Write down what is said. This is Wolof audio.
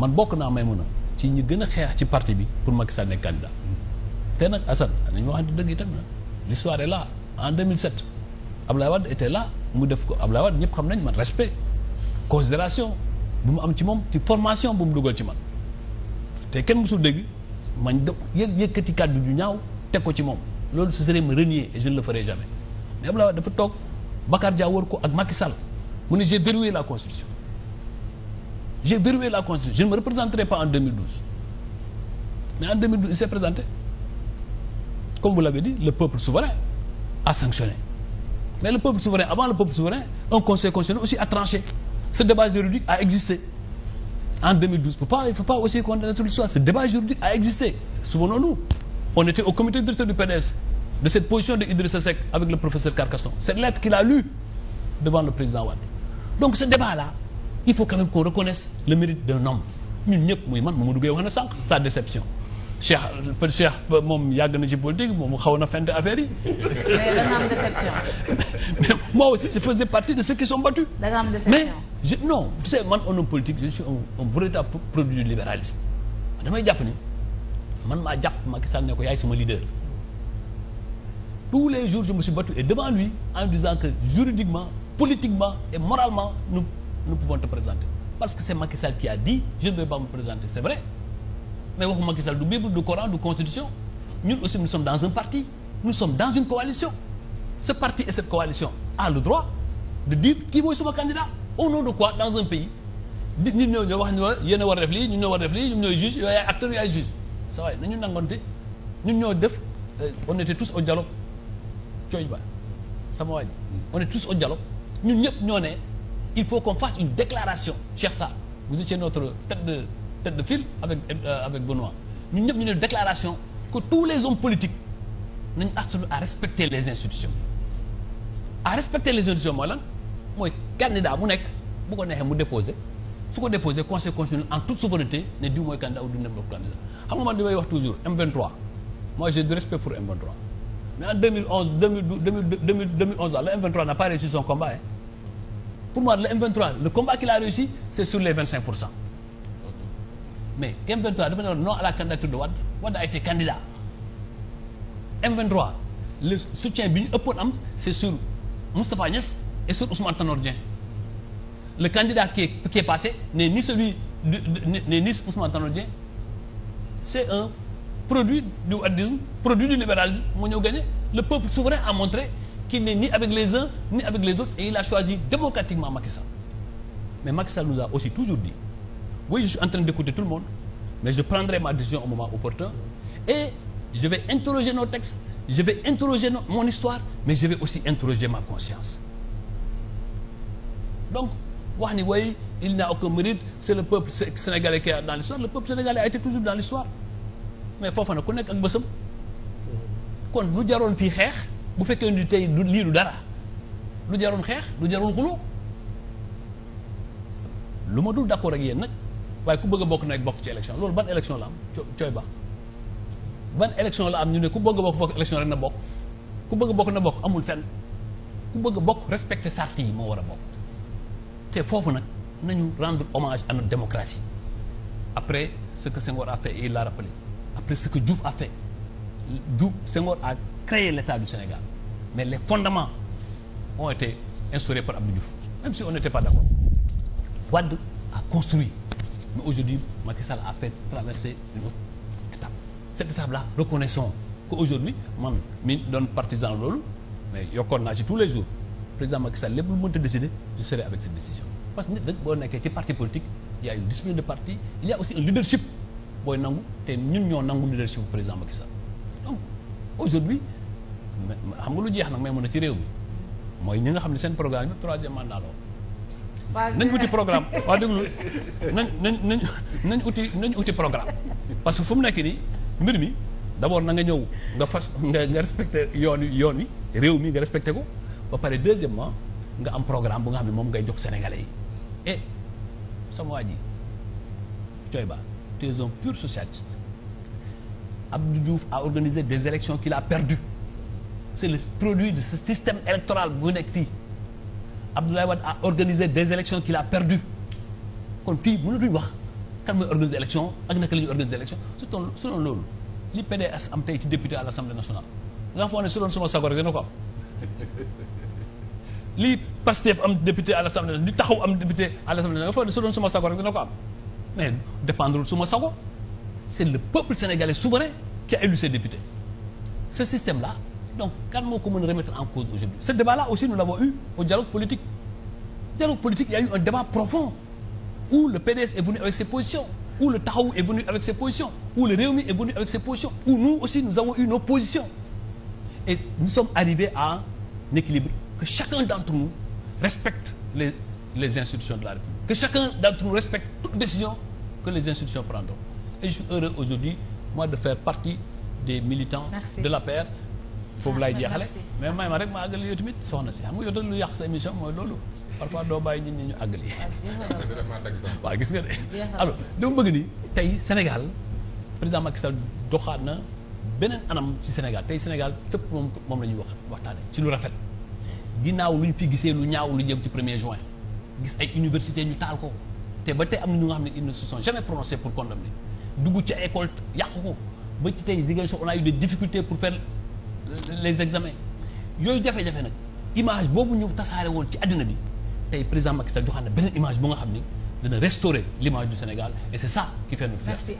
man bokk naa may mun a ci ñi gën a xeex ci parti bi pour Macky Sall nekk te nag Assane nañu waxante dëgg itam na l'histoire la en en 2007 Ablaye Wade été la mu def ko Ablaye Wade ñëpp xam nañ man respect considération bu mu am ci moom ci formation bu mu dugal ci man te kenn musul dégg man de yëkkati kàddu ju ñaaw teg ko ci moom loolu ce serait ma renier et je ne le ferai jamais mais Ablaye Wade dafa toog Bakar Dia wër ko ak Macky Sall mu ne j'ai verrouillé la constitution j'ai la constitution je ne me représenterai pas en 2012 mais en 2012 il s'est présenté comme vous l'avez dit le peuple souverain a sanctionné mais le peuple souverain avant le peuple souverain un conseil constitutionnel aussi a tranché ce débat juridique a existé en 2012 faut pas il faut pas aussi condamner sur l'histoire ce débat juridique a existé souvenons-nous on était au comité directeur du PDS de cette position de Idrissa avec le professeur Carcasson cette lettre qu'il a lue devant le président il faut quand même qu'on reconnaisse le mérite d'un homme ñun ñëpp muy man Mamadou Gueye wax na sànq sa déception Cheikh peut Cheikh moom yàgg na ci politique moom xaw na fent affaire yi. mais aussi je faisais partie de ceux qui sont battus. da nga am déception mais non tu man un homme politique je suis un un véritable produit du libéralisme damay jàpp ni man maa jàpp Macky Sall ne ko yaay suma leader. tous les jours je me battu et devant lui en disant que juridiquement nous pouvons te présenter parce que c'est Macky Sall qui a dit je ne vais pas me présenter c'est vrai mais waxu Macky du Bible du Coran du Constitution ñun aussi nous sommes dans un parti nous sommes dans une coalition ce parti et cette coalition a le droit de dire kii mooy suma candidat au nom de quoi dans un pays di nit ñoo wax ñu yéen a war def lii ñun ñoo def lii ñun ñooy juge yooyu ay acteurs yooyu ay juge sa waay nañu nangoonte ñun ñoo def euh, on était tous au dialogue cooy ba sama waa ji on au dialogue ñun ñëpp ñoo ne il faut qu'on fasse une déclaration Cheikh Sarr vous étiez notre tête de tête de fil avec euh, avec Benoît ñun ñëpp ñu ne déclaration que tous les hommes politiques nañ astulu à respecter les institutions à respecter les institutions mooy lan mooy candidat mu nekk bu ko neexee mu déposer su ko déposer conseil constitutionnel en toute souveraineté ne diw mooy candidat ou du nekk candidat xam nga man li wax toujours M23 moi j'ai du respect pour M23 mais en 2011 2012 2011 là le M23 son combat pour moi le M23 le combat qu'il a réussi c'est sur les 25 pour cent mais M23 dafa ne woon non à la candidature de Wade Wade a été candidat M23 le soutien bi ñu ëppoon am c'est sur Moustapha Niass et sur Ousmane Tanor Dieng le candidat que est, qui est passé n'est ni celui du n'est ni Ousmane Tanor Dieng c'est un produit du wadisme produit du libéralisme moo ñëw gagné le peuple souverain a montré qui n'est ni avec les uns ni avec les autres et il a choisi démocratiquement Macky Sall nous a aussi toujours dit oui je suis en de d'écouter tout le monde je prendrai ma décision au moment opportun et je vais interroger nos textes je vais interroger mon histoire mais je vais aussi interroger ma conscience donc wax ni way il n'a aucun mérite c'est le peuple sénégalais qui est dans l'histoire le peuple sénégalais a été toujours dans l'histoire mais foofa na ku nekk ak bësam kon lu jaroon fii xeex bu fekkee ni tey du lii du dara lu jarul xeex du jarul xuloo lu ma dul d'accord ak yéen nag waaye ku bëgg a bokk nag bokk ci élection loolu ban élection la am cooy ba ban élection la am ñu ne ku bëgg a bokk bokk élection rek na bokk ku bëgg a bokk na bokk amul fenn ku bëgg a bokk respecter sart yi moo war a bokk te foofu nag nañu rendre hommage à notre démocratie après ce que Senghor a fait et l'a rappelé après ce que Diouf a fait Diouf Senghor a créé mais les fondements ont été instaurés par Abdou Diouf même si on n'était pas d'accord Wade a construit mais aujourd'hui Macky Sall a fait traverser une autre étape cette étape là reconnaissons qu'aujourd'hui man mi doon partisan loolu mais yokkoon naa ci tous les jours président Macky Sall lépp lu mënta décider je serai avec cette décision parce que nit rek boo nekkee ci parti politique il y de parti il y a aussi un leadership booy nangu te ñoo nangu leadership bu président Macky Sall donc aujourd'hui xam nga lu jeex nag may mën a ci réew mi mooy ñi nga xam ne seen programme yëpp troisième mandat la woon nañ uti programme waaw déglu nañ nañ nañ nañ uti nañ uti programme parce que fu mu nekk nii mbir mi d'abord na nga ñëw nga fas nga nga respecte yoon wi yoon wi réew mi nga respecté ko ba pare deuxièmement nga am programme bu nga xam ne moom ngay jox sénégalais yi et sama waa ji Thioye Ba tu es un pur socialiste Abdou Diouf a organisé des élections qu'il perdu c'est le produit de ce système électoral bu nekk fii Abdoulaye Wade a organisé des élections qu'il a perdu kon fii mënatuñu wax kan mooy organiser élection ak naka la ñuy organiser élection surtout selon loolu li PDS am tey ci député à l'Assemblée nationale nga foog ne su doon sama sago rek dina ko am li Pastef am député à l'Assemblée nationale taxaw am député à l'Assemblée nationale sama sago rek dina ko am mais dépendrul suma sago c'est le peuple sénégalais souverain qui a élu ses députés ce système là donc kan moo ko mën a remettre en cause aujourd'hui ce débat là aussi nous l'avons eu au dialogue politique dialogue politique il y a eu un débat profond où le PDS est venu avec ses positions où le Taxawu est venu avec ses positions où le Rewmi est venu avec ses positions où nous avons eu nos positions et nous sommes arrivés à un équilibre que chacun d'entre nous respecte les les institutions de la République que chacun d'entre nous respecte toute décision que les institutions prendront et je suis heureux aujourd'hui moi de faire partie foofu laay ah, jeexale mais may ma rek ma àggali yow tamit soxna si xam nga yow lu yàq sa émission mooy loolu parfois doo bàyyi nit ñi ñu àggali ah, waaw gis nga de alors dama bëgg ni tey Sénégal président doxaat na beneen anam ci Sénégal tey Sénégal fépp moom moom la ñuy wax waxtaane ci lu rafet ginnaaw lu fi gisee lu ñaaw lu jëm ci premier juin gis ay université ñu taal ko te ba tey am na ñu nga xam ne ils ne se sont jamais prononcés pour condamner dugg yàq ko ba les examens yooyu jafe-jafe nag image boobu ñu tasaare woon ci àddina bi tey président Macky Sall joxaat na beneen image bu nga xam ni dana restaurer l'image du Sénégal et c'est ça qui fait notre fierté